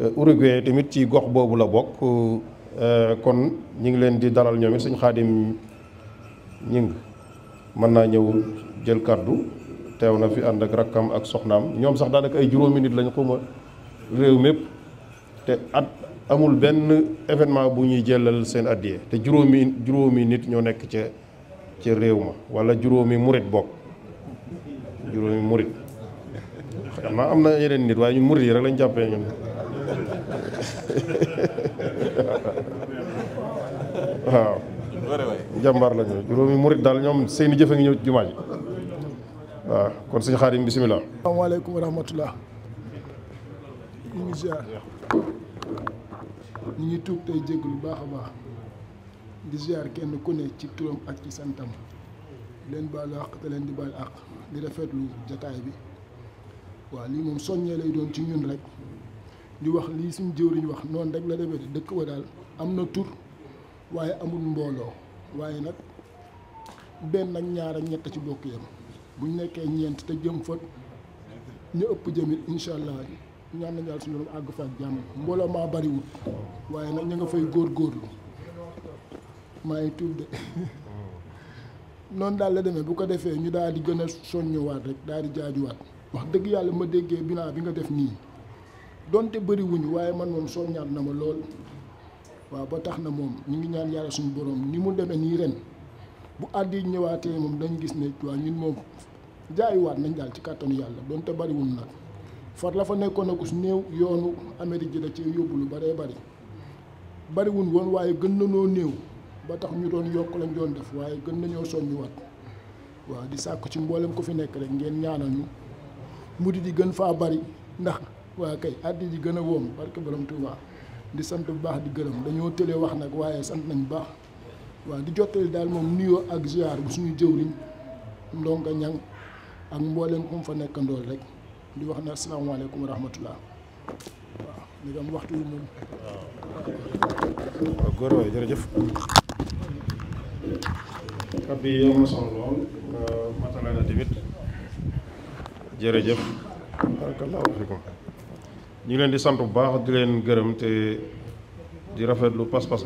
Euh, Uruguay tamit ci gox boobu la bokk euh, kon ñu ngi leen di dalal ñoom it suñ xaadim ñing mën naa ñëw jël kàddu teew na fi ànd ak rakkam ak soxnaam ñoom sax daanaka ay juróomi nit lañ xuma réew mépp te at amul benn événement bu ñuy jëlal seen addiyee te juróomi juróomi nit ñoo nekk ca ca réew ma wala juróomi murit bokk juróomi murit xam naa am na yeneen nit waaye ñun murit yi rek lañ jàppee ñun waaw jàmbaar la ñu juróomi murit daal ñoom seeni jëfe ngi ñëw ci jumaa ji waaw kon sëñ Xaadim bisimilah. asalaamaaleykum wa rahmatulah. ñu ngi ziar ñu ngi tuub tey jégg lu baax a baax di ziar kenn ku ne ci turam ak ci santam leen baalu àq te leen di baal àq di rafetlu jataay bi waaw lii moom soññee lay doon ci ñun rek. di wax lii suñu jëwriñ wax noonu rek la demee di dëkk ba daal am na tur waaye amul mbooloo waaye nag benn ak ñaar ak ñett ci bokk yam bu nekkee ñeent te jëm fa ñu ëpp jëm incha allah ñaan nañu yàlla suñu doon àgg fa ak mbooloo maa bariwul waaye nag ñu nga góor góorgóorlu maa ngi tuub de noonu daal la demee bu ko defee ñu daal di gën a soññuwaat rek daal di jaajuwaat wax dëgg yàlla ma déggee binaa bi nga def nii. donte bëri waaye man moom soo ñaan na ma lool waaw ba tax na moom ñu ngi ñaan yare suñu borom ni mu demee nii ren bu àdd yi ñëwaatee moom dañ gis ne waa ñun moom nañ daal ci kàttanu yàlla donte bëri wuñ nag la fa nekkoon ak su néew yoonu Amérique ji da cee yóbbu lu bare bëri bëri woon waaye gën nañoo néew ba tax ñu doon yokk lañ doon def waaye gën nañoo soññuwaat waaw di sàkk ci mboolem ko fi nekk rek ngeen ñaanal ñu mu di di gën faa bari ndax. waa kay addi ji gën a wóom barke borom Touba di sant bu baax di gërëm dañoo tëlee wax nag waaye sant nañ baax waaw di jottali daal moom nuyoo ak ziar bu suñu jëwriñ ndonga ñang ak mbooleem ku mu fa nekkandool rek di wax na asalaamaaleykum wa rahmatullah waaw waxtu wi moom. waaw góor waay jërëjëf. ñu ngi di sant bu baax di leen gërëm te di rafetlu pas-pas